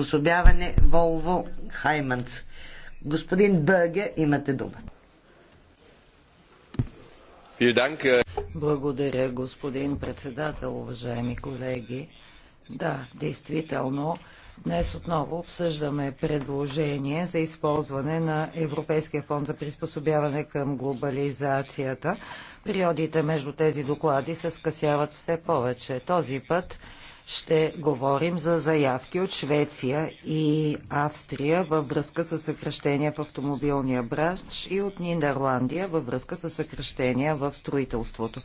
приспособяване Volvo Хайманс. Господин Бърге, имате дума. Благодаря, господин председател, уважаеми колеги. Да, действително, днес отново обсъждаме предложение за използване на Европейския фонд за приспособяване към глобализацията. Периодите между тези доклади се скъсяват все повече. Този път ще говорим за заявки от Швеция и Австрия във връзка с съкръщения в автомобилния бранш и от Нидерландия във връзка с съкръщения в строителството.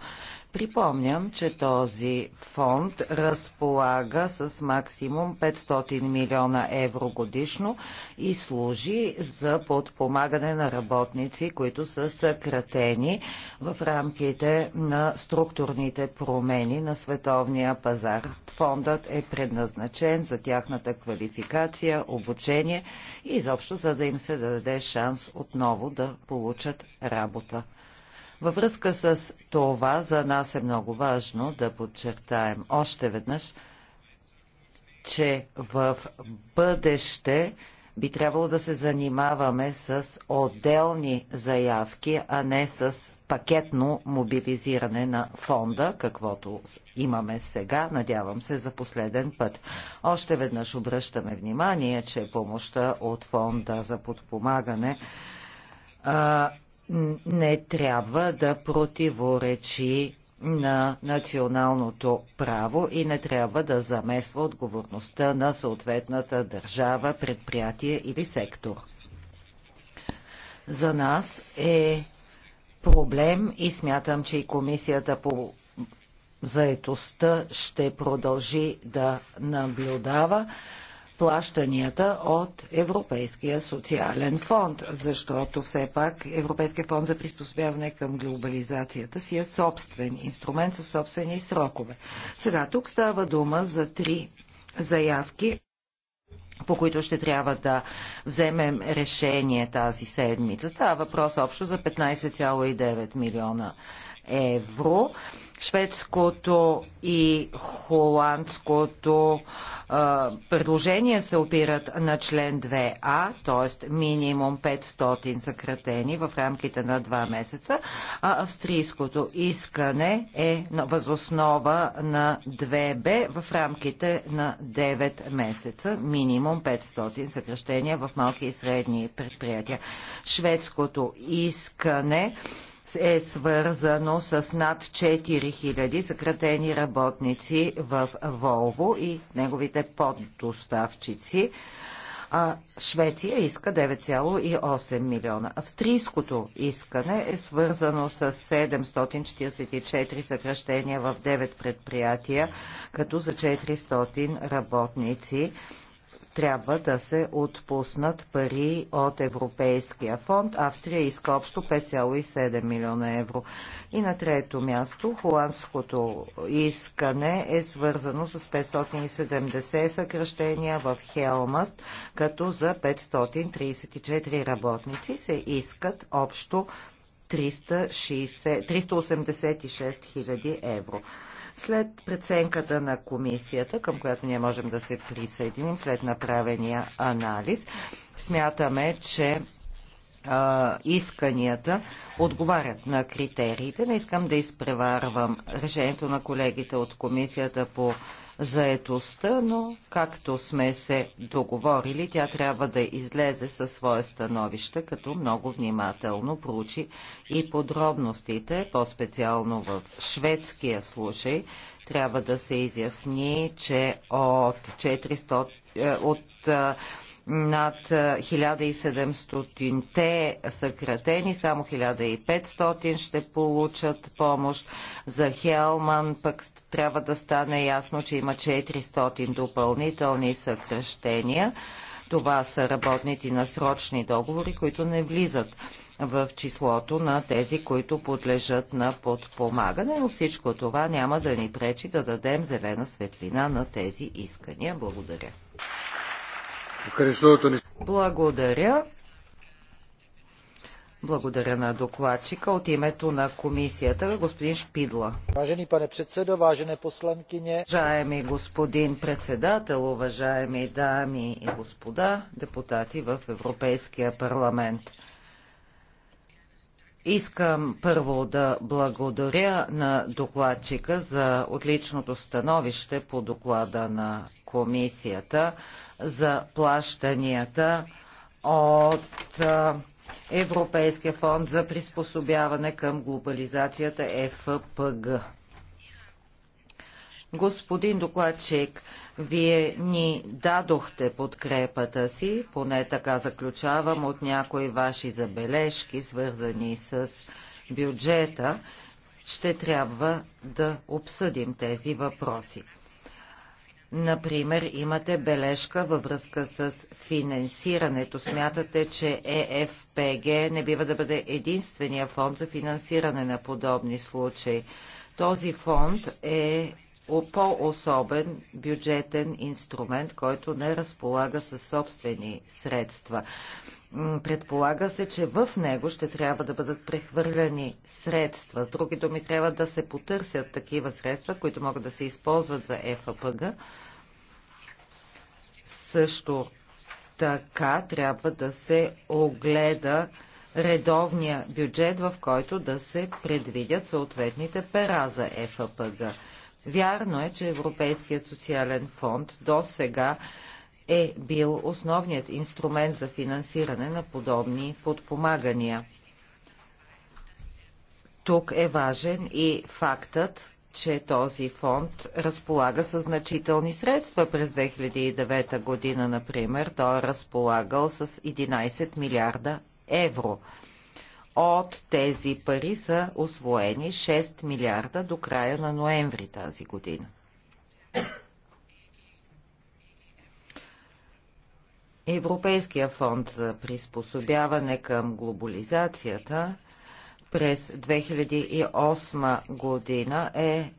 Припомням, че този фонд разполага с максимум 500 милиона евро годишно и служи за подпомагане на работници, които са съкратени в рамките на структурните промени на световния пазар. Фондът е предназначен за тяхната квалификация, обучение и изобщо за да им се даде шанс отново да получат работа. Във връзка с това за нас е много важно да подчертаем още веднъж, че в бъдеще би трябвало да се занимаваме с отделни заявки, а не с пакетно мобилизиране на фонда, каквото имаме сега, надявам се, за последен път. Още веднъж обръщаме внимание, че помощта от фонда за подпомагане а, не трябва да противоречи на националното право и не трябва да замесва отговорността на съответната държава, предприятие или сектор. За нас е проблем и смятам, че и Комисията по заетостта ще продължи да наблюдава плащанията от Европейския социален фонд, защото все пак Европейския фонд за приспособяване към глобализацията си е собствен инструмент със собствени срокове. Сега тук става дума за три заявки по които ще трябва да вземем решение тази седмица. Става въпрос общо за 15,9 милиона евро. Шведското и холандското а, предложение се опират на член 2А, т.е. минимум 500 съкратени в рамките на 2 месеца, а австрийското искане е възоснова на 2Б в рамките на 9 месеца, минимум 500 съкращения в малки и средни предприятия. Шведското искане е свързано с над 4000 съкратени работници в Волво и неговите поддоставчици. А Швеция иска 9,8 милиона. Австрийското искане е свързано с 744 съкръщения в 9 предприятия, като за 400 работници трябва да се отпуснат пари от Европейския фонд. Австрия иска общо 5,7 милиона евро. И на трето място, холандското искане е свързано с 570 съкръщения в Хелмаст, като за 534 работници се искат общо 386 хиляди евро. След преценката на комисията, към която ние можем да се присъединим след направения анализ, смятаме, че а, исканията отговарят на критериите. Не искам да изпреварвам решението на колегите от комисията по заетостта, но както сме се договорили, тя трябва да излезе със свое становище, като много внимателно проучи и подробностите, по-специално в шведския случай. Трябва да се изясни, че от 400 е, от е, над 1700-те съкратени, само 1500 ще получат помощ. За Хелман пък трябва да стане ясно, че има 400 допълнителни съкръщения. Това са работници на срочни договори, които не влизат в числото на тези, които подлежат на подпомагане, но всичко това няма да ни пречи да дадем зелена светлина на тези искания. Благодаря. Благодаря. Благодаря на докладчика от името на комисията, господин Шпидла. Важени пане председо, важене посланкине. Уважаеми господин председател, уважаеми дами и господа депутати в Европейския парламент. Искам първо да благодаря на докладчика за отличното становище по доклада на комисията за плащанията от Европейския фонд за приспособяване към глобализацията ЕФПГ. Господин докладчик, вие ни дадохте подкрепата си, поне така заключавам от някои ваши забележки, свързани с бюджета. Ще трябва да обсъдим тези въпроси. Например, имате бележка във връзка с финансирането. Смятате, че ЕФПГ не бива да бъде единствения фонд за финансиране на подобни случаи. Този фонд е по-особен бюджетен инструмент, който не разполага със собствени средства. Предполага се, че в него ще трябва да бъдат прехвърляни средства. С други думи, трябва да се потърсят такива средства, които могат да се използват за ЕФПГ, също така трябва да се огледа редовния бюджет, в който да се предвидят съответните пера за е ФПГ. Вярно е, че Европейският социален фонд до сега е бил основният инструмент за финансиране на подобни подпомагания. Тук е важен и фактът, че този фонд разполага със значителни средства. През 2009 година, например, той е разполагал с 11 милиарда евро. От тези пари са освоени 6 милиарда до края на ноември тази година. Европейския фонд за приспособяване към глобализацията през 2008 година е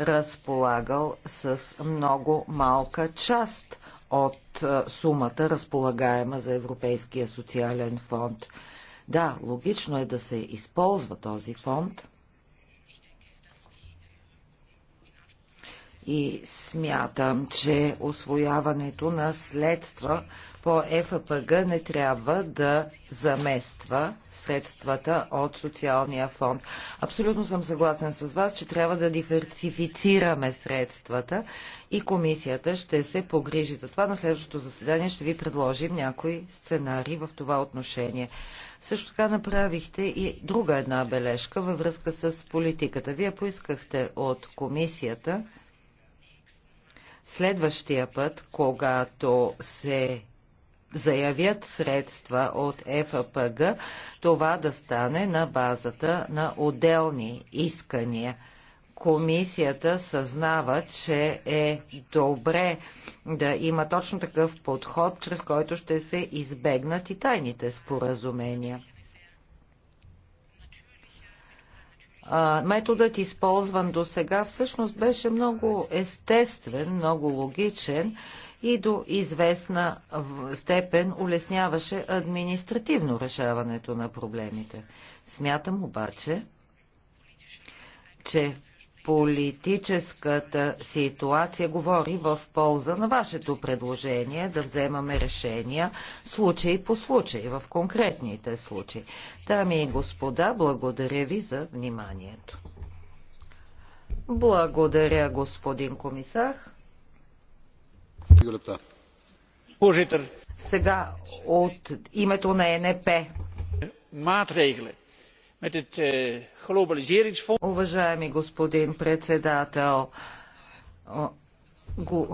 разполагал с много малка част от сумата, разполагаема за Европейския социален фонд. Да, логично е да се използва този фонд, и смятам, че освояването на следства по ФПГ не трябва да замества средствата от социалния фонд. Абсолютно съм съгласен с вас, че трябва да диверсифицираме средствата и комисията ще се погрижи за това. На следващото заседание ще ви предложим някои сценари в това отношение. Също така направихте и друга една бележка във връзка с политиката. Вие поискахте от комисията Следващия път, когато се заявят средства от ФПГ, това да стане на базата на отделни искания. Комисията съзнава, че е добре да има точно такъв подход, чрез който ще се избегнат и тайните споразумения. методът, използван до сега, всъщност беше много естествен, много логичен и до известна степен улесняваше административно решаването на проблемите. Смятам обаче, че политическата ситуация говори в полза на вашето предложение да вземаме решения случай по случай, в конкретните случаи. Дами и господа, благодаря ви за вниманието. Благодаря, господин комисар. Сега от името на ЕНП. Матрегле. Eh, Уважаеми господин председател,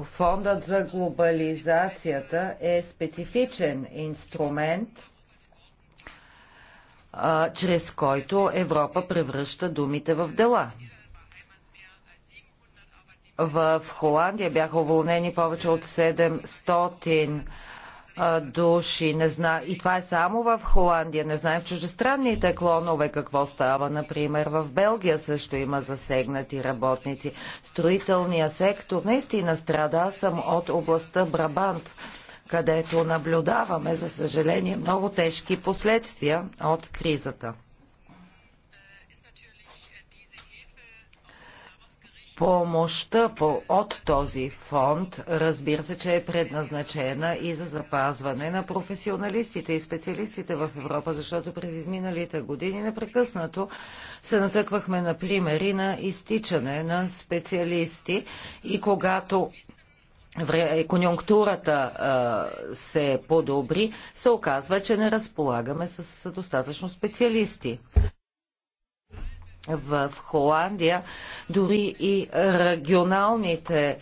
Фондът за глобализацията е специфичен инструмент, чрез който Европа превръща думите в дела. В Холандия бяха уволнени повече от 700 души. Не зна... И това е само в Холандия. Не знаем в чужестранните клонове какво става. Например, в Белгия също има засегнати работници. Строителният сектор наистина страда. Аз съм от областта Брабант, където наблюдаваме, за съжаление, много тежки последствия от кризата. Помощта по, от този фонд, разбира се, че е предназначена и за запазване на професионалистите и специалистите в Европа, защото през изминалите години непрекъснато се натъквахме на примери на изтичане на специалисти и когато е, конюнктурата се подобри, се оказва, че не разполагаме с достатъчно специалисти в Холандия, дори и регионалните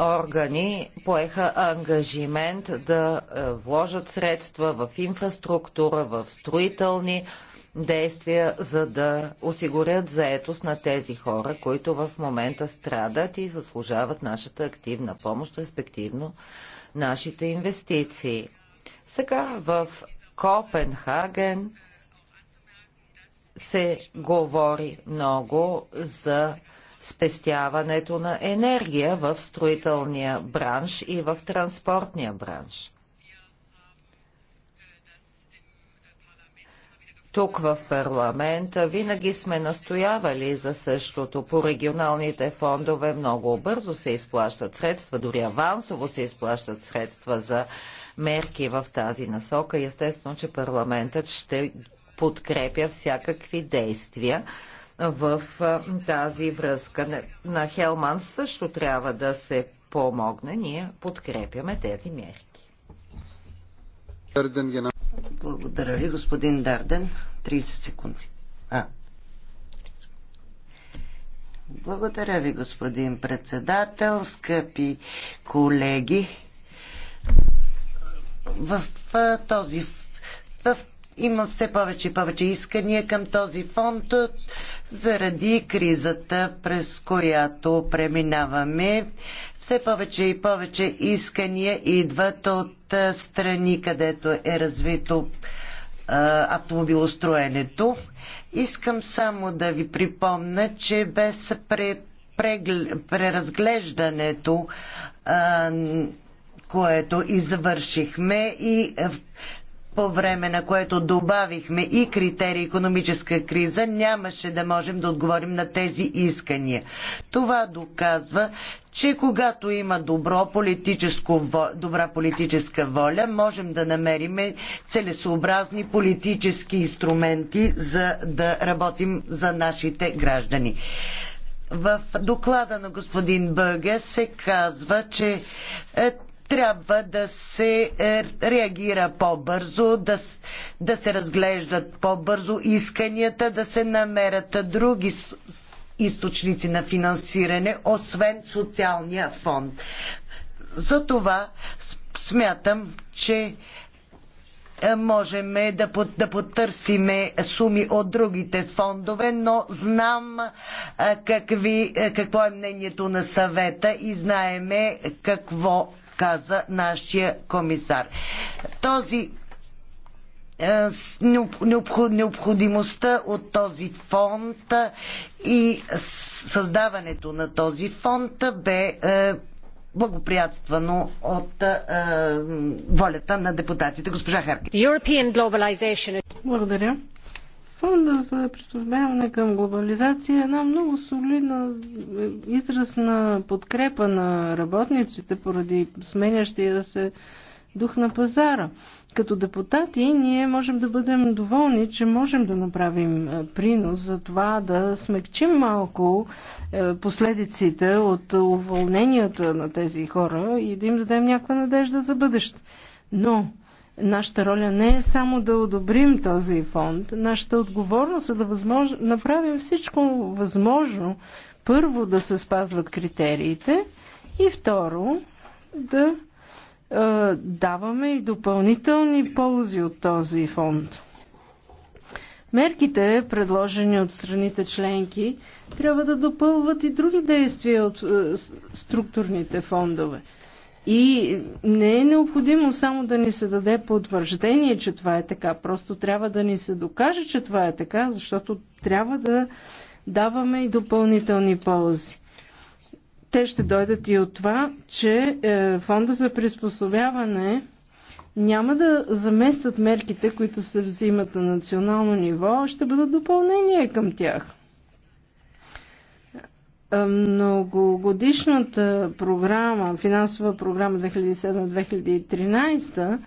органи поеха ангажимент да е, вложат средства в инфраструктура, в строителни действия, за да осигурят заетост на тези хора, които в момента страдат и заслужават нашата активна помощ, респективно нашите инвестиции. Сега в Копенхаген се говори много за спестяването на енергия в строителния бранш и в транспортния бранш. Тук в парламента винаги сме настоявали за същото. По регионалните фондове много бързо се изплащат средства, дори авансово се изплащат средства за мерки в тази насока. Естествено, че парламентът ще подкрепя всякакви действия в тази връзка. На Хелман също трябва да се помогне. Ние подкрепяме тези мерки. Благодаря ви, господин Дарден. 30 секунди. А. Благодаря ви, господин председател, скъпи колеги. В този в има все повече и повече искания към този фонд заради кризата, през която преминаваме. Все повече и повече искания идват от страни, където е развито автомобилостроенето. Искам само да ви припомня, че без преразглеждането, което извършихме и по време на което добавихме и критерий економическа криза, нямаше да можем да отговорим на тези искания. Това доказва, че когато има политическо, добра политическа воля, можем да намерим целесообразни политически инструменти, за да работим за нашите граждани. В доклада на господин Бърге се казва, че е, трябва да се е, реагира по-бързо, да, да се разглеждат по-бързо исканията, да се намерят други източници на финансиране, освен социалния фонд. Затова смятам, че е, можем да, да потърсиме суми от другите фондове, но знам е, какви, какво е мнението на съвета и знаеме какво каза нашия комисар. Този е, необходимостта от този фонд и създаването на този фонд бе е, благоприятствано от е, волята на депутатите. Госпожа Харки. Благодаря. Фонда за приспособяване към глобализация е една много солидна е, израз на подкрепа на работниците поради сменящия се дух на пазара. Като депутати ние можем да бъдем доволни, че можем да направим е, принос за това да смекчим малко е, последиците от уволненията на тези хора и да им дадем някаква надежда за бъдеще. Но Нашата роля не е само да одобрим този фонд. Нашата отговорност е да възмож... направим всичко възможно. Първо да се спазват критериите и второ да е, даваме и допълнителни ползи от този фонд. Мерките, предложени от страните членки, трябва да допълват и други действия от е, структурните фондове – и не е необходимо само да ни се даде потвърждение, че това е така. Просто трябва да ни се докаже, че това е така, защото трябва да даваме и допълнителни ползи. Те ще дойдат и от това, че е, фонда за приспособяване няма да заместят мерките, които се взимат на национално ниво, а ще бъдат допълнение към тях. Е, многогодишната програма, финансова програма 2007-2013,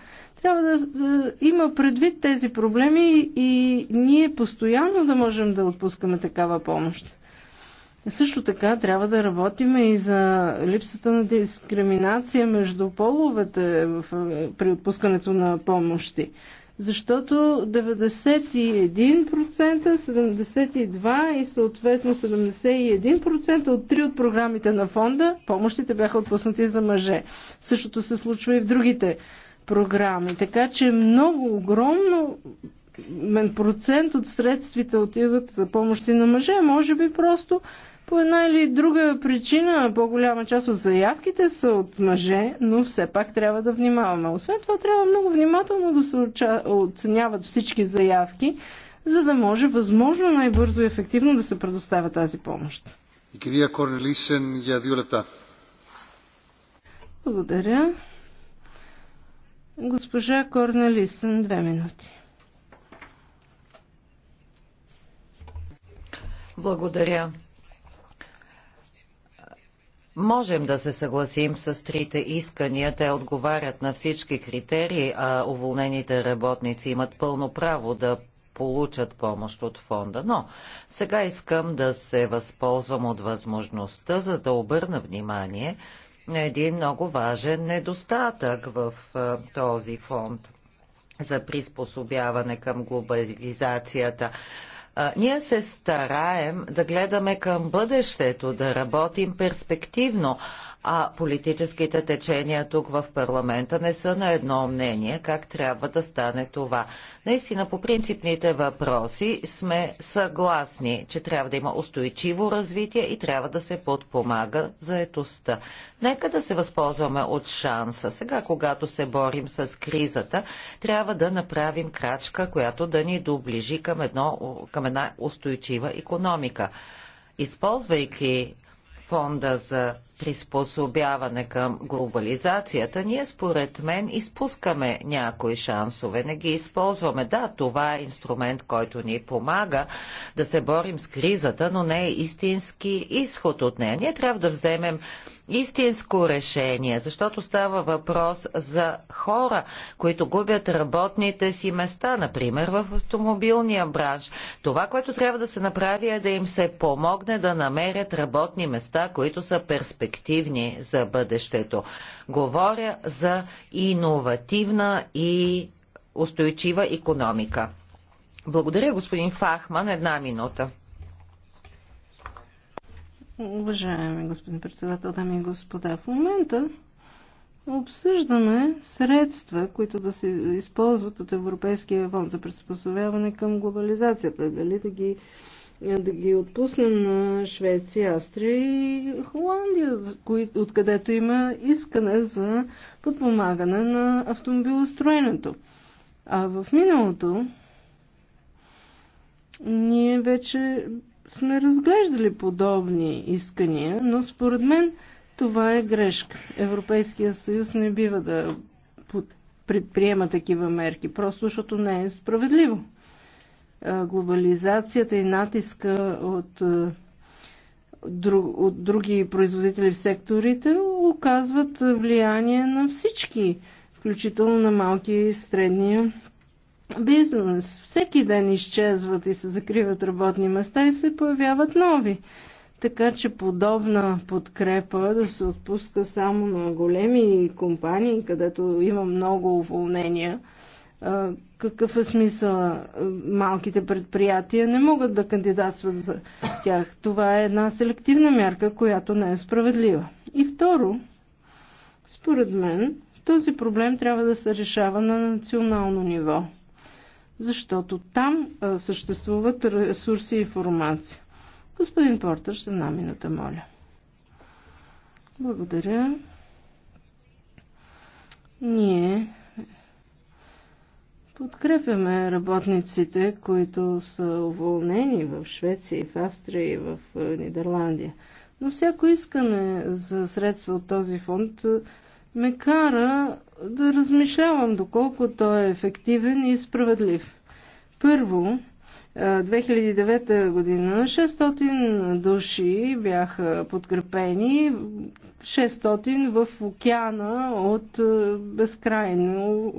трябва да, да има предвид тези проблеми и ние постоянно да можем да отпускаме такава помощ. Също така трябва да работим и за липсата на дискриминация между половете при отпускането на помощи защото 91%, 72% и съответно 71% от три от програмите на фонда помощите бяха отпуснати за мъже. Същото се случва и в другите програми. Така че много огромно процент от средствите отиват за помощи на мъже. Може би просто по една или друга причина по-голяма част от заявките са от мъже, но все пак трябва да внимаваме. Освен това трябва много внимателно да се оценяват всички заявки, за да може възможно най-бързо и ефективно да се предоставя тази помощ. И кирия Корнелисен, я лета. Благодаря. Госпожа Корнелисен, две минути. Благодаря. Можем да се съгласим с трите искания. Те отговарят на всички критерии, а уволнените работници имат пълно право да получат помощ от фонда. Но сега искам да се възползвам от възможността, за да обърна внимание на един много важен недостатък в този фонд за приспособяване към глобализацията ние се стараем да гледаме към бъдещето, да работим перспективно, а политическите течения тук в парламента не са на едно мнение как трябва да стане това. Наистина по принципните въпроси сме съгласни, че трябва да има устойчиво развитие и трябва да се подпомага заетостта. Нека да се възползваме от шанса. Сега, когато се борим с кризата, трябва да направим крачка, която да ни доближи към, едно, към една устойчива економика. Използвайки фонда за приспособяване към глобализацията, ние според мен изпускаме някои шансове, не ги използваме. Да, това е инструмент, който ни помага да се борим с кризата, но не е истински изход от нея. Ние трябва да вземем истинско решение, защото става въпрос за хора, които губят работните си места, например в автомобилния бранш. Това, което трябва да се направи е да им се помогне да намерят работни места, които са перспективни за бъдещето. Говоря за иновативна и устойчива економика. Благодаря, господин Фахман. Една минута. Уважаеми господин председател, дами и господа, в момента обсъждаме средства, които да се използват от Европейския фонд за приспособяване към глобализацията. Дали да ги, да ги отпуснем на Швеция, Австрия и Холандия, откъдето има искане за подпомагане на автомобилостроенето. А в миналото ние вече сме разглеждали подобни искания, но според мен това е грешка. Европейския съюз не бива да предприема такива мерки, просто защото не е справедливо. Глобализацията и натиска от, от други производители в секторите оказват влияние на всички, включително на малки и средния бизнес. Всеки ден изчезват и се закриват работни места и се появяват нови. Така че подобна подкрепа да се отпуска само на големи компании, където има много уволнения. Какъв е смисъл? Малките предприятия не могат да кандидатстват за тях. Това е една селективна мярка, която не е справедлива. И второ, според мен, този проблем трябва да се решава на национално ниво защото там а, съществуват ресурси и информация. Господин Портър, ще една минута, моля. Благодаря. Ние подкрепяме работниците, които са уволнени в Швеция и в Австрия и в Нидерландия. Но всяко искане за средства от този фонд ме кара да размишлявам доколко той е ефективен и справедлив. Първо, 2009 година 600 души бяха подкрепени, 600 в океана от безкрайно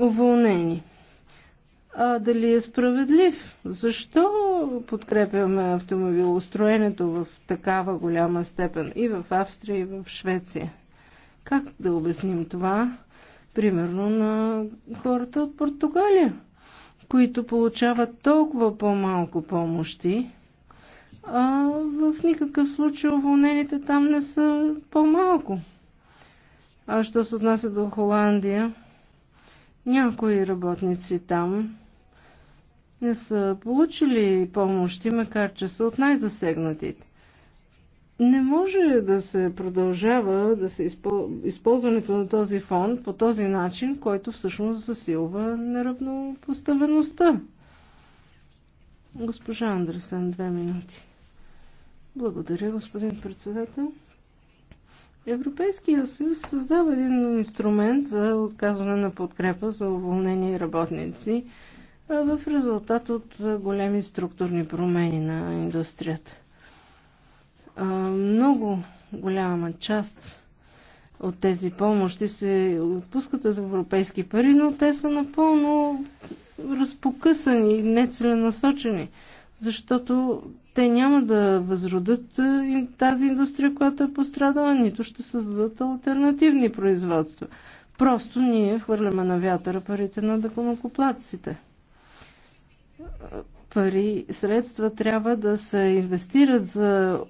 уволнени. А дали е справедлив? Защо подкрепяме автомобилостроенето в такава голяма степен и в Австрия, и в Швеция? Как да обясним това, примерно, на хората от Португалия, които получават толкова по-малко помощи, а в никакъв случай уволнените там не са по-малко. А що се отнася до Холандия, някои работници там не са получили помощи, макар че са от най-засегнатите. Не може да се продължава да се изпо... използването на този фонд по този начин, който всъщност засилва неравнопоставеността. Госпожа Андресен, две минути. Благодаря, господин председател. Европейския съюз създава един инструмент за отказване на подкрепа за уволнени работници в резултат от големи структурни промени на индустрията. Много голяма част от тези помощи се отпускат от европейски пари, но те са напълно разпокъсани, и нецеленасочени, защото те няма да възродат тази индустрия, която е пострадала, нито ще създадат альтернативни производства. Просто ние хвърляме на вятъра парите на дъконокоплаците. Пари, средства трябва да се инвестират за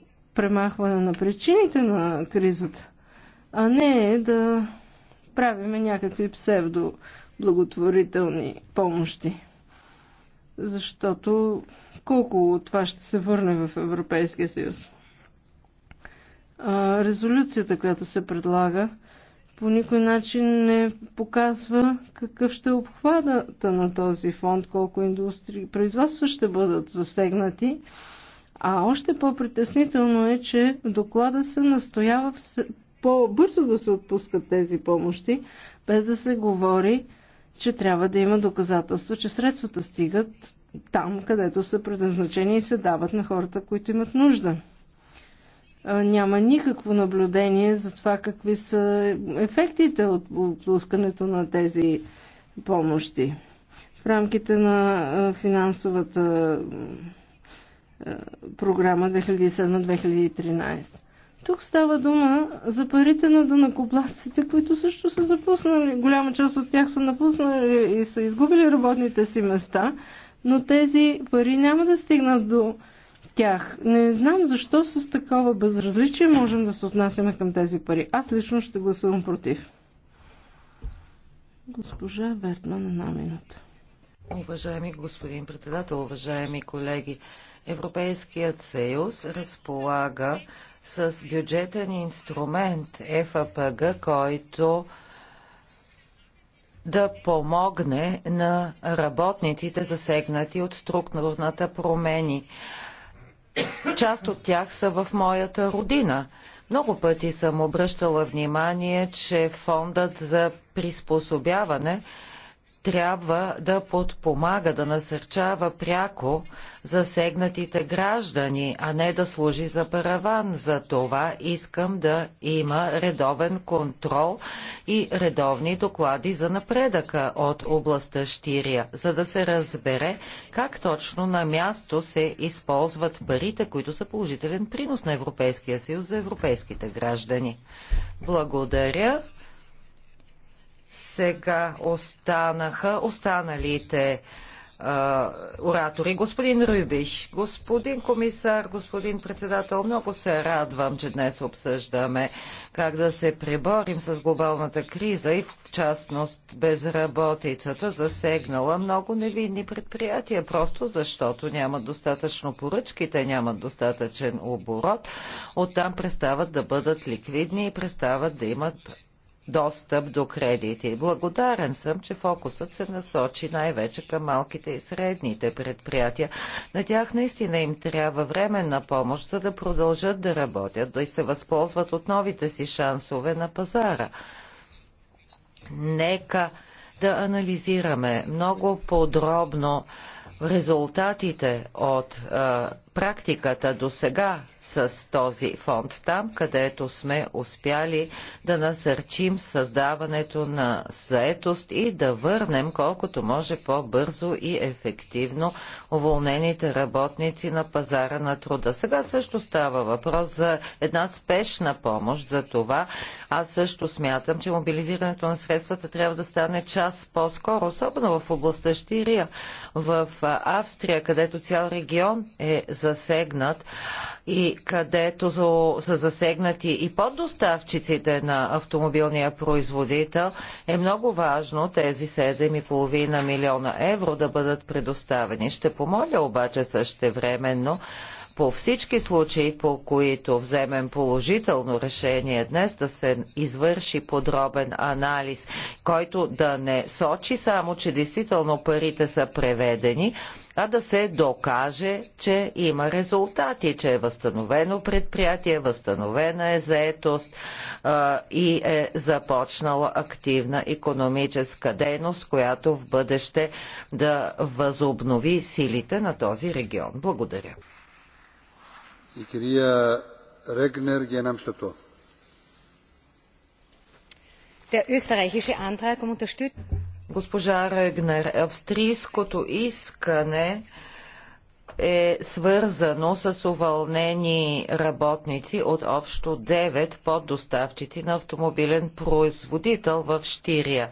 премахване на причините на кризата, а не да правиме някакви псевдо благотворителни помощи. Защото колко от това ще се върне в Европейския съюз? резолюцията, която се предлага, по никой начин не показва какъв ще е обхвата на този фонд, колко индустрии производства ще бъдат засегнати а още по-притеснително е, че доклада се настоява по-бързо да се отпускат тези помощи, без да се говори, че трябва да има доказателства, че средствата стигат там, където са предназначени и се дават на хората, които имат нужда. Няма никакво наблюдение за това какви са ефектите от отпускането на тези помощи. В рамките на финансовата програма 2007-2013. Тук става дума за парите на дънакоплатците, които също са запуснали. Голяма част от тях са напуснали и са изгубили работните си места, но тези пари няма да стигнат до тях. Не знам защо с такова безразличие можем да се отнасяме към тези пари. Аз лично ще гласувам против. Госпожа Вертман, една минута. Уважаеми господин председател, уважаеми колеги, Европейският съюз разполага с бюджетен инструмент е ФАПГ, който да помогне на работниците засегнати от структурната промени. Част от тях са в моята родина. Много пъти съм обръщала внимание, че фондът за приспособяване – трябва да подпомага, да насърчава пряко засегнатите граждани, а не да служи за параван. За това искам да има редовен контрол и редовни доклади за напредъка от областта Штирия, за да се разбере как точно на място се използват парите, които са положителен принос на Европейския съюз за европейските граждани. Благодаря. Сега останаха останалите а, оратори. Господин Рюбиш, господин комисар, господин председател, много се радвам, че днес обсъждаме как да се преборим с глобалната криза и в частност безработицата, засегнала много невинни предприятия, просто защото нямат достатъчно поръчки, те нямат достатъчен оборот, оттам престават да бъдат ликвидни и престават да имат достъп до кредити. Благодарен съм, че фокусът се насочи най-вече към малките и средните предприятия. На тях наистина им трябва временна помощ, за да продължат да работят, да и се възползват от новите си шансове на пазара. Нека да анализираме много подробно резултатите от а, практиката до сега с този фонд, там където сме успяли да насърчим създаването на заетост и да върнем колкото може по-бързо и ефективно уволнените работници на пазара на труда. Сега също става въпрос за една спешна помощ за това. Аз също смятам, че мобилизирането на средствата трябва да стане час по-скоро, особено в областта Штирия, в Австрия, където цял регион е засегнат и където са засегнати и поддоставчиците на автомобилния производител, е много важно тези 7,5 милиона евро да бъдат предоставени. Ще помоля обаче същевременно по всички случаи, по които вземем положително решение днес, да се извърши подробен анализ, който да не сочи само, че действително парите са преведени, а да се докаже, че има резултати, че е възстановено предприятие, възстановена е заетост а, и е започнала активна економическа дейност, която в бъдеще да възобнови силите на този регион. Благодаря. Η κυρία Ρέγνερ για λεπτό. Der österreichische Antrag um Госпожа Регнер, австрийското искане е свързано с уволнени работници от общо 9 поддоставчици на автомобилен производител в Штирия.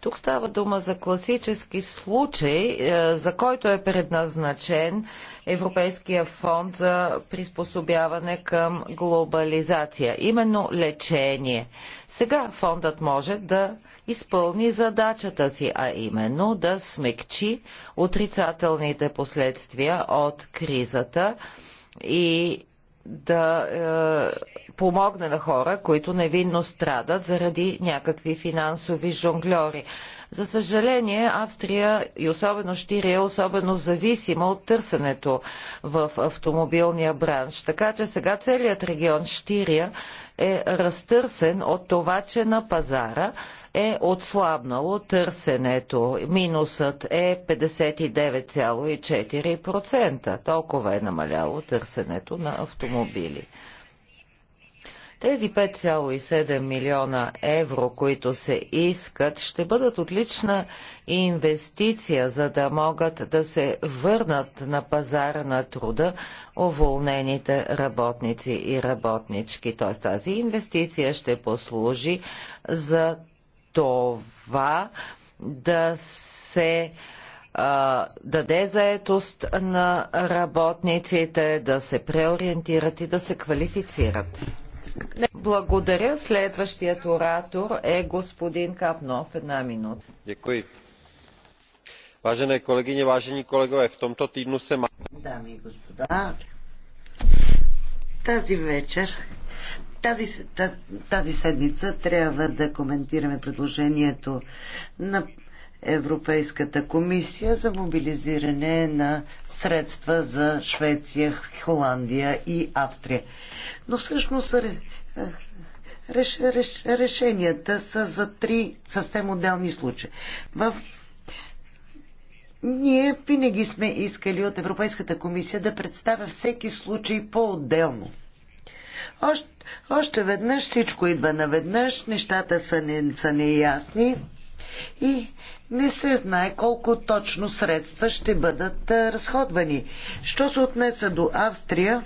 Тук става дума за класически случай, е, за който е предназначен Европейския фонд за приспособяване към глобализация, именно лечение. Сега фондът може да изпълни задачата си, а именно да смекчи отрицателните последствия от кризата и да е, помогне на хора, които невинно страдат заради някакви финансови жонглери. За съжаление, Австрия и особено Штирия е особено зависима от търсенето в автомобилния бранш. Така че сега целият регион Штирия е разтърсен от това, че на пазара е отслабнало търсенето. Минусът е 59,4%. Толкова е намаляло търсенето на автомобили. Тези 5,7 милиона евро, които се искат, ще бъдат отлична инвестиция, за да могат да се върнат на пазара на труда уволнените работници и работнички. Т.е. тази инвестиция ще послужи за това да се а, даде заетост на работниците, да се преориентират и да се квалифицират. Благодаря. Следващият оратор е господин Капнов. Една минута. Děkuji. Vážené kolegyně, vážení kolegové, v tomto týdnu se má... Dámy господа, тази вечер тази, тази седмица трябва да коментираме предложението на Европейската комисия за мобилизиране на средства за Швеция, Холандия и Австрия. Но всъщност реш, реш, решенията са за три съвсем отделни случаи. В ние винаги сме искали от Европейската комисия да представя всеки случай по-отделно. Още, още веднъж всичко идва наведнъж, нещата са, не, са неясни и не се знае колко точно средства ще бъдат разходвани. Що се отнесе до Австрия,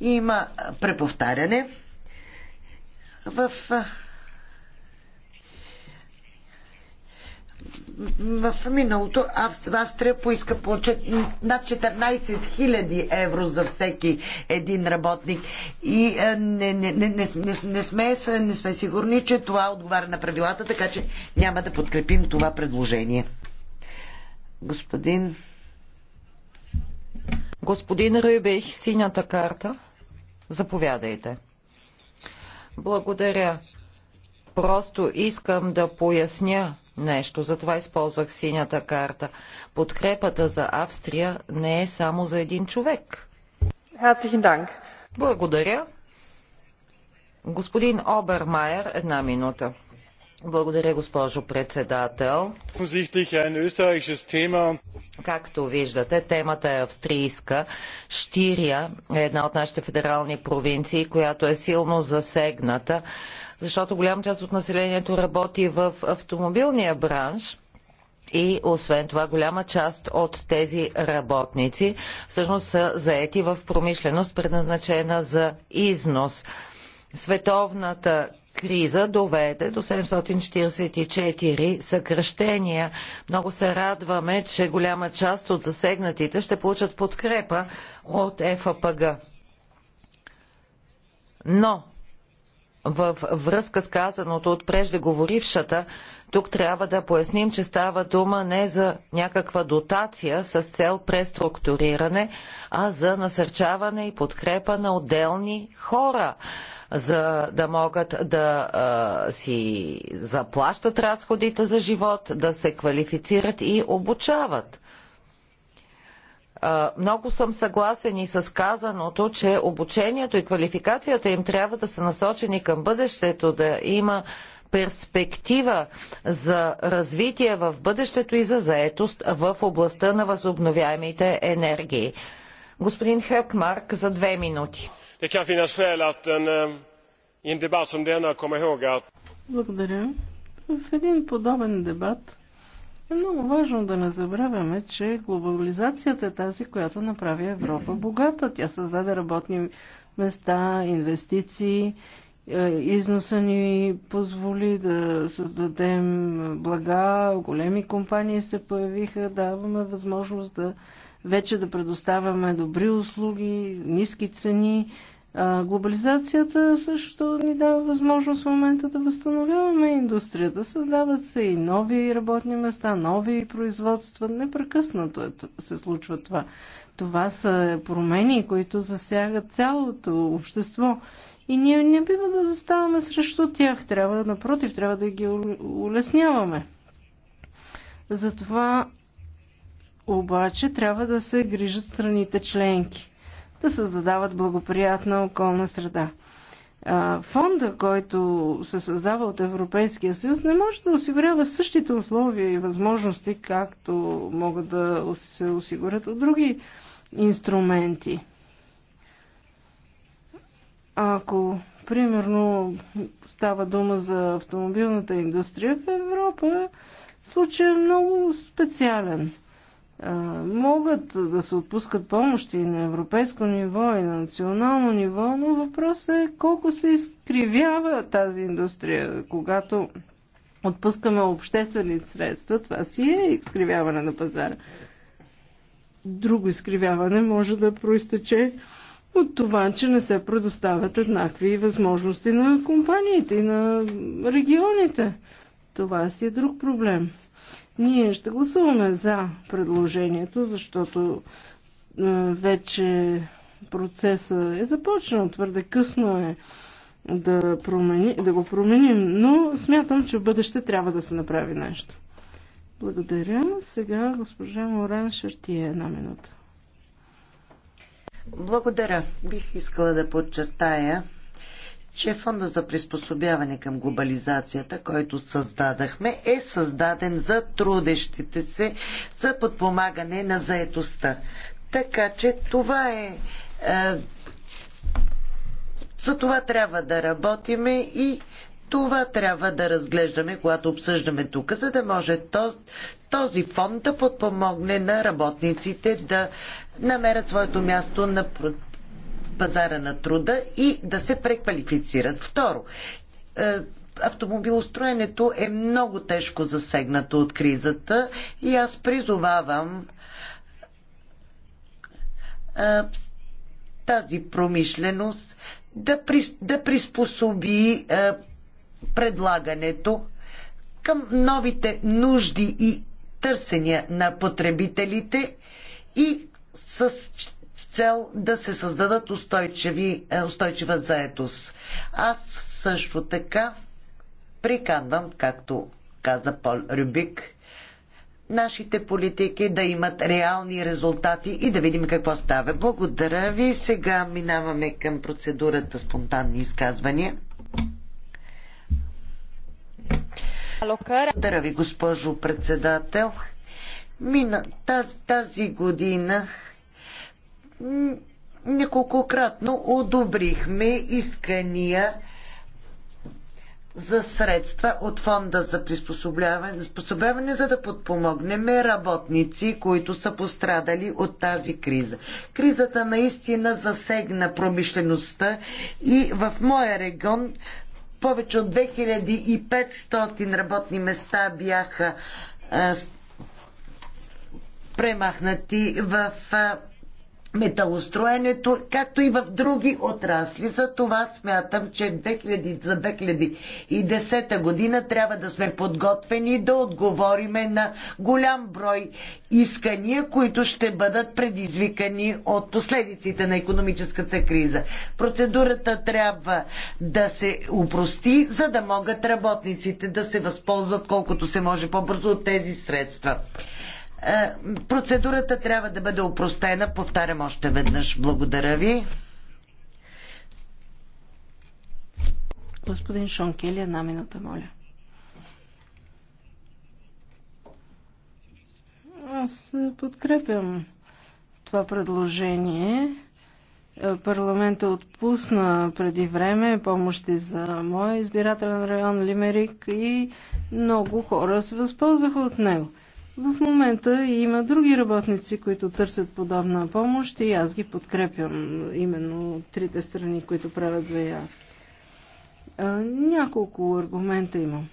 има преповтаряне в в миналото Австрия поиска по над 14 000 евро за всеки един работник и е, не, не, не, не, сме, не сме сигурни, че това отговаря на правилата, така че няма да подкрепим това предложение. Господин. Господин Рюбих, синята карта. Заповядайте. Благодаря. Просто искам да поясня нещо. Затова използвах синята карта. Подкрепата за Австрия не е само за един човек. Благодаря. Господин Обермайер, една минута. Благодаря, госпожо председател. Както виждате, темата е австрийска. Штирия е една от нашите федерални провинции, която е силно засегната защото голяма част от населението работи в автомобилния бранш. И освен това, голяма част от тези работници всъщност са заети в промишленост, предназначена за износ. Световната криза доведе до 744 съкръщения. Много се радваме, че голяма част от засегнатите ще получат подкрепа от ФПГ. Но в връзка с казаното от преждеговорившата, тук трябва да поясним, че става дума не за някаква дотация с цел преструктуриране, а за насърчаване и подкрепа на отделни хора, за да могат да а, си заплащат разходите за живот, да се квалифицират и обучават много съм съгласен и с казаното, че обучението и квалификацията им трябва да са насочени към бъдещето, да има перспектива за развитие в бъдещето и за заетост в областта на възобновяемите енергии. Господин Хъкмарк за две минути. Eh, Благодаря. В един подобен дебат е много важно да не забравяме, че глобализацията е тази, която направи Европа богата. Тя създаде работни места, инвестиции, е, износа ни позволи да създадем блага, големи компании се появиха, даваме възможност да вече да предоставяме добри услуги, ниски цени а, глобализацията също ни дава възможност в момента да възстановяваме индустрията. Създават се и нови работни места, нови производства. Непрекъснато е, се случва това. Това са промени, които засягат цялото общество. И ние не бива да заставаме срещу тях. Трябва, напротив, трябва да ги улесняваме. Затова обаче трябва да се грижат страните членки да създадават благоприятна околна среда. Фонда, който се създава от Европейския съюз, не може да осигурява същите условия и възможности, както могат да се осигурят от други инструменти. Ако, примерно, става дума за автомобилната индустрия в Европа, случай е много специален могат да се отпускат помощи на европейско ниво и на национално ниво, но въпросът е колко се изкривява тази индустрия, когато отпускаме обществени средства, това си е изкривяване на пазара. Друго изкривяване може да проистече от това, че не се предоставят еднакви възможности на компаниите и на регионите. Това си е друг проблем. Ние ще гласуваме за предложението, защото е, вече процеса е започнал. Твърде късно е да, промени, да го променим, но смятам, че в бъдеще трябва да се направи нещо. Благодаря. Сега госпожа Морен Шартия една минута. Благодаря. Бих искала да подчертая, че фонда за приспособяване към глобализацията, който създадахме, е създаден за трудещите се, за подпомагане на заетостта. Така че това е, е за това трябва да работиме и това трябва да разглеждаме, когато обсъждаме тук, за да може този, този фонд да подпомогне на работниците да намерят своето място на пазара на труда и да се преквалифицират. Второ, е, автомобилостроенето е много тежко засегнато от кризата и аз призовавам е, тази промишленост да, при, да приспособи е, предлагането към новите нужди и търсения на потребителите и с цел да се създадат устойчиви, е, устойчива заетост. Аз също така приканвам, както каза Пол Рюбик, нашите политики да имат реални резултати и да видим какво става. Благодаря ви. Сега минаваме към процедурата спонтанни изказвания. Благодаря ви, госпожо председател. Мина, тази, тази година неколкократно одобрихме искания за средства от фонда за приспособяване, за да подпомогнем работници, които са пострадали от тази криза. Кризата наистина засегна промишлеността и в моя регион повече от 2500 работни места бяха а, премахнати в а, металостроенето, както и в други отрасли. За това смятам, че 2000, за 2010 година трябва да сме подготвени да отговориме на голям брой искания, които ще бъдат предизвикани от последиците на економическата криза. Процедурата трябва да се упрости, за да могат работниците да се възползват колкото се може по-бързо от тези средства. Е, процедурата трябва да бъде опростена. Повтарям още веднъж. Благодаря ви. Господин Шонкели, една минута, моля. Аз подкрепям това предложение. Е, парламента отпусна преди време помощи за моя избирателен район Лимерик и много хора се възползваха от него. В момента има други работници, които търсят подобна помощ и аз ги подкрепям, именно трите страни, които правят заявки. Няколко аргумента имам.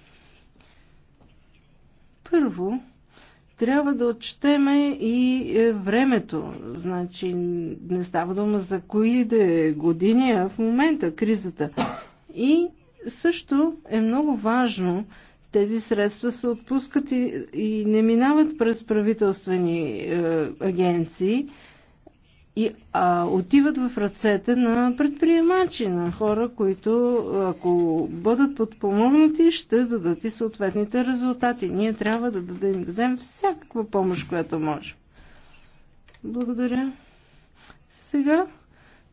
Първо, трябва да отчетеме и е, времето. Значи, не става дума за кои да е години, а в момента кризата. И също е много важно, тези средства се отпускат и, и не минават през правителствени е, агенции, и, а отиват в ръцете на предприемачи, на хора, които ако бъдат подпомогнати, ще дадат и съответните резултати. Ние трябва да дадем, дадем всякаква помощ, която може. Благодаря. Сега,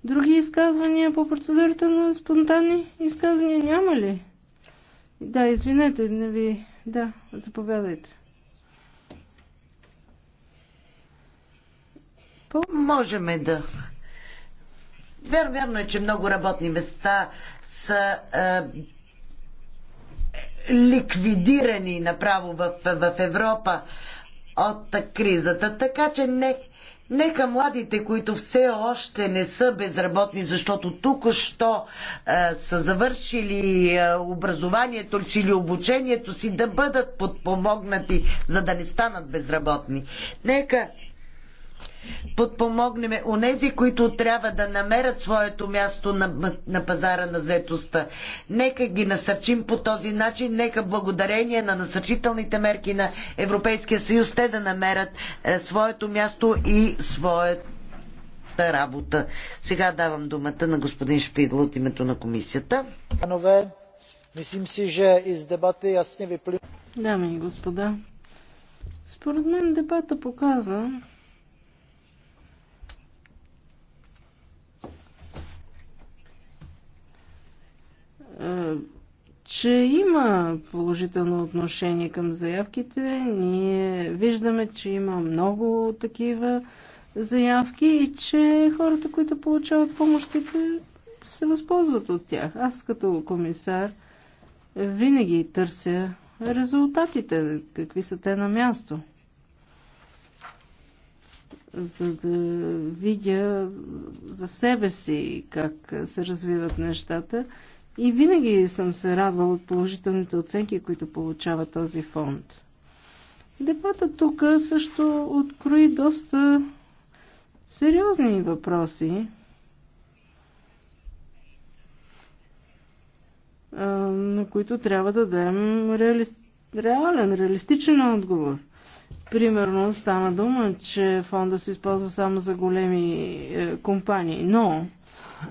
други изказвания по процедурата на спонтанни изказвания няма ли? Да, извинете, не ви... Да, заповядайте. По... Можеме да... Вер, верно е, че много работни места са е, ликвидирани направо в, в Европа от кризата. Така че не, Нека младите, които все още не са безработни, защото тук-що е, са завършили е, образованието си или обучението си, да бъдат подпомогнати, за да не станат безработни. Нека подпомогнем онези, които трябва да намерят своето място на, на пазара на заетостта. Нека ги насърчим по този начин, нека благодарение на насърчителните мерки на Европейския съюз те да намерят е, своето място и своята работа. Сега давам думата на господин Шпидл от името на комисията. Мислим си, че из дебата ясно Дами и господа, според мен дебата показа, Е, че има положително отношение към заявките. Ние виждаме, че има много такива заявки и че хората, които получават помощите, се възползват от тях. Аз като комисар винаги търся резултатите, какви са те на място, за да видя за себе си как се развиват нещата и винаги съм се радвал от положителните оценки, които получава този фонд. Дебата тук също открои доста сериозни въпроси. на които трябва да дадем реали... реален, реалистичен отговор. Примерно стана дума, че фонда се използва само за големи е, компании, но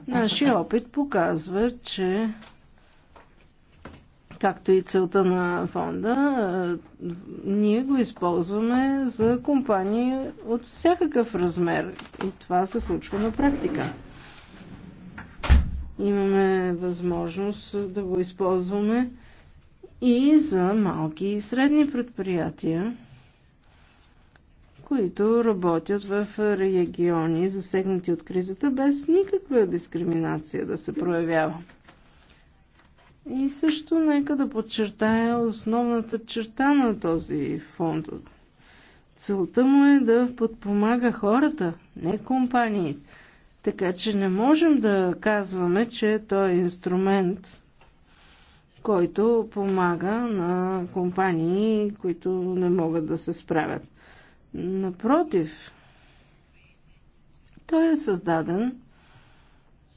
Нашия опит показва, че както и целта на фонда, е, ние го използваме за компании от всякакъв размер. И това се случва на практика. Имаме възможност да го използваме и за малки и средни предприятия които работят в региони, засегнати от кризата, без никаква дискриминация да се проявява. И също нека да подчертая основната черта на този фонд. Целта му е да подпомага хората, не компаниите. Така че не можем да казваме, че той е инструмент, който помага на компании, които не могат да се справят. Напротив, той е създаден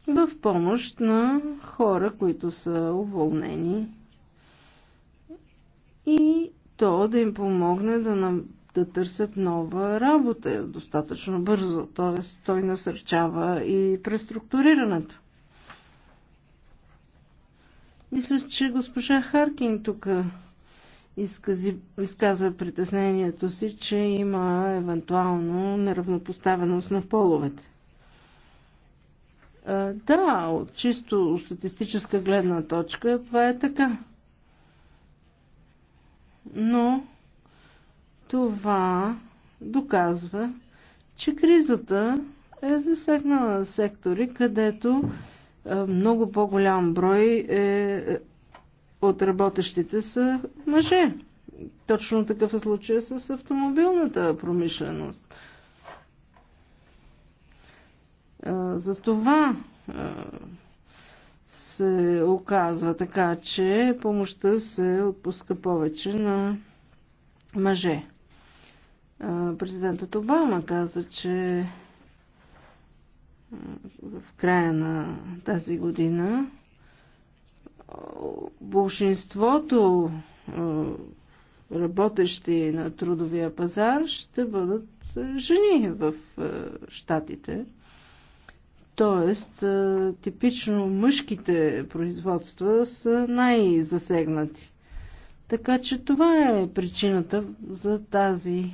в помощ на хора, които са уволнени и то да им помогне да, на, да търсят нова работа достатъчно бързо. Т.е. той насърчава и преструктурирането. Мисля, че госпожа Харкин тук изкази, изказа притеснението си, че има евентуално неравнопоставеност на половете. Да, от чисто статистическа гледна точка това е така. Но това доказва, че кризата е засегнала сектори, където много по-голям брой е, е от работещите са мъже. Точно такъв е случая с автомобилната промишленост. За това се оказва така, че помощта се отпуска повече на мъже. Президентът Обама каза, че в края на тази година Большинството работещи на трудовия пазар ще бъдат жени в щатите. Тоест, типично мъжките производства са най-засегнати. Така че това е причината за тази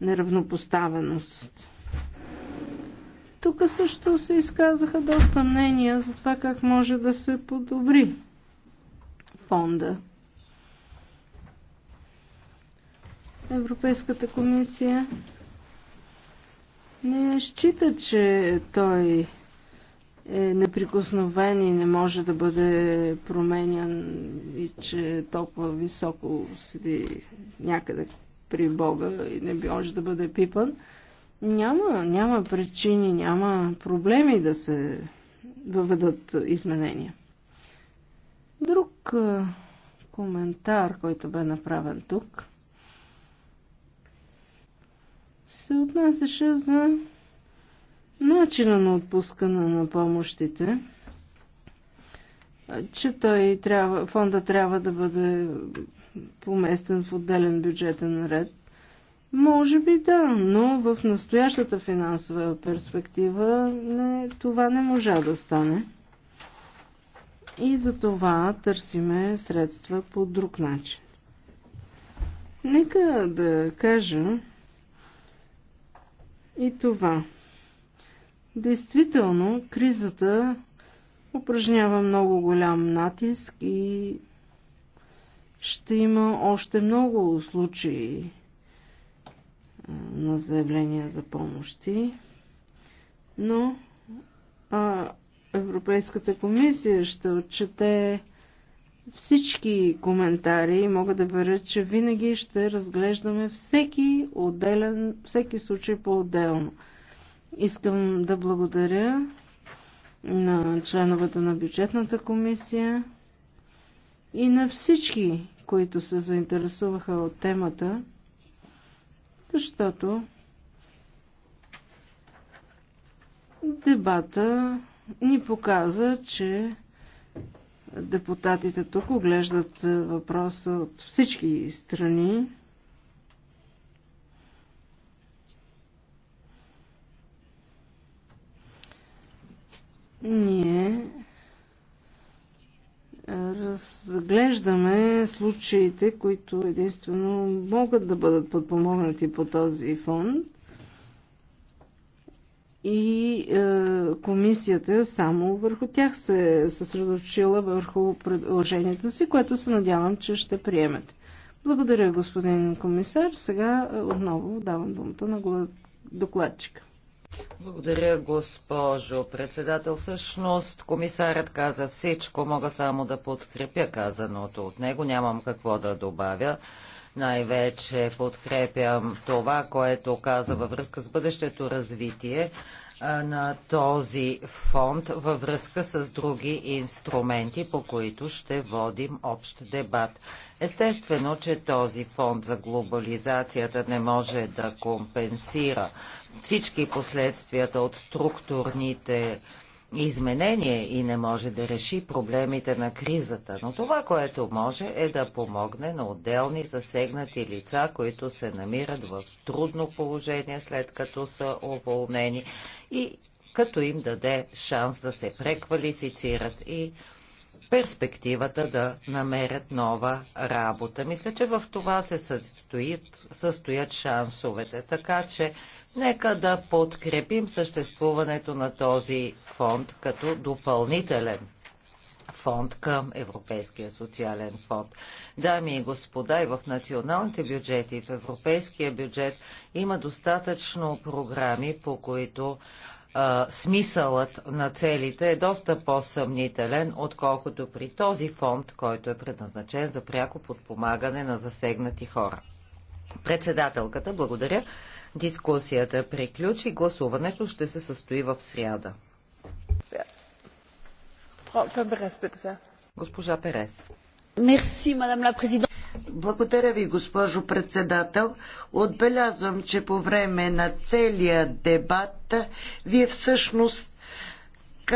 неравнопоставеност. Тук също се изказаха доста мнения за това как може да се подобри фонда. Европейската комисия не счита, че той е неприкосновен и не може да бъде променен и че толкова високо седи някъде при Бога и не може да бъде пипан. Няма, няма причини, няма проблеми да се въведат изменения коментар, който бе направен тук, се отнасяше за начина на отпускане на помощите, че той трябва, фонда трябва да бъде поместен в отделен бюджетен ред. Може би да, но в настоящата финансова перспектива не, това не можа да стане и за това търсиме средства по друг начин. Нека да кажа и това. Действително, кризата упражнява много голям натиск и ще има още много случаи на заявления за помощи, но а, Европейската комисия ще отчете всички коментари и мога да веря, че винаги ще разглеждаме всеки отделен, всеки случай по-отделно. Искам да благодаря на членовете на бюджетната комисия и на всички, които се заинтересуваха от темата, защото дебата ни показа, че депутатите тук оглеждат е, въпроса от всички страни. Ние е, разглеждаме случаите, които единствено могат да бъдат подпомогнати по този фонд – и е, комисията само върху тях се е съсредоточила върху предложението си, което се надявам, че ще приемете. Благодаря, господин комисар. Сега е, отново давам думата на докладчика. Благодаря, госпожо председател. Всъщност, комисарят каза всичко. Мога само да подкрепя казаното от него. Нямам какво да добавя. Най-вече подкрепям това, което каза във връзка с бъдещето развитие на този фонд във връзка с други инструменти, по които ще водим общ дебат. Естествено, че този фонд за глобализацията не може да компенсира всички последствията от структурните изменение и не може да реши проблемите на кризата, но това, което може е да помогне на отделни засегнати лица, които се намират в трудно положение след като са уволнени и като им даде шанс да се преквалифицират и перспективата да намерят нова работа. Мисля, че в това се състоят, състоят шансовете, така че Нека да подкрепим съществуването на този фонд като допълнителен фонд към Европейския социален фонд. Дами и господа, и в националните бюджети, и в европейския бюджет има достатъчно програми, по които а, смисълът на целите е доста по-съмнителен, отколкото при този фонд, който е предназначен за пряко подпомагане на засегнати хора. Председателката, благодаря. Дискусията приключи. Гласуването ще се състои в сряда. Госпожа Перес. Мерси, мадам ла президент. Благодаря ви, госпожо председател. Отбелязвам, че по време на целия дебат вие всъщност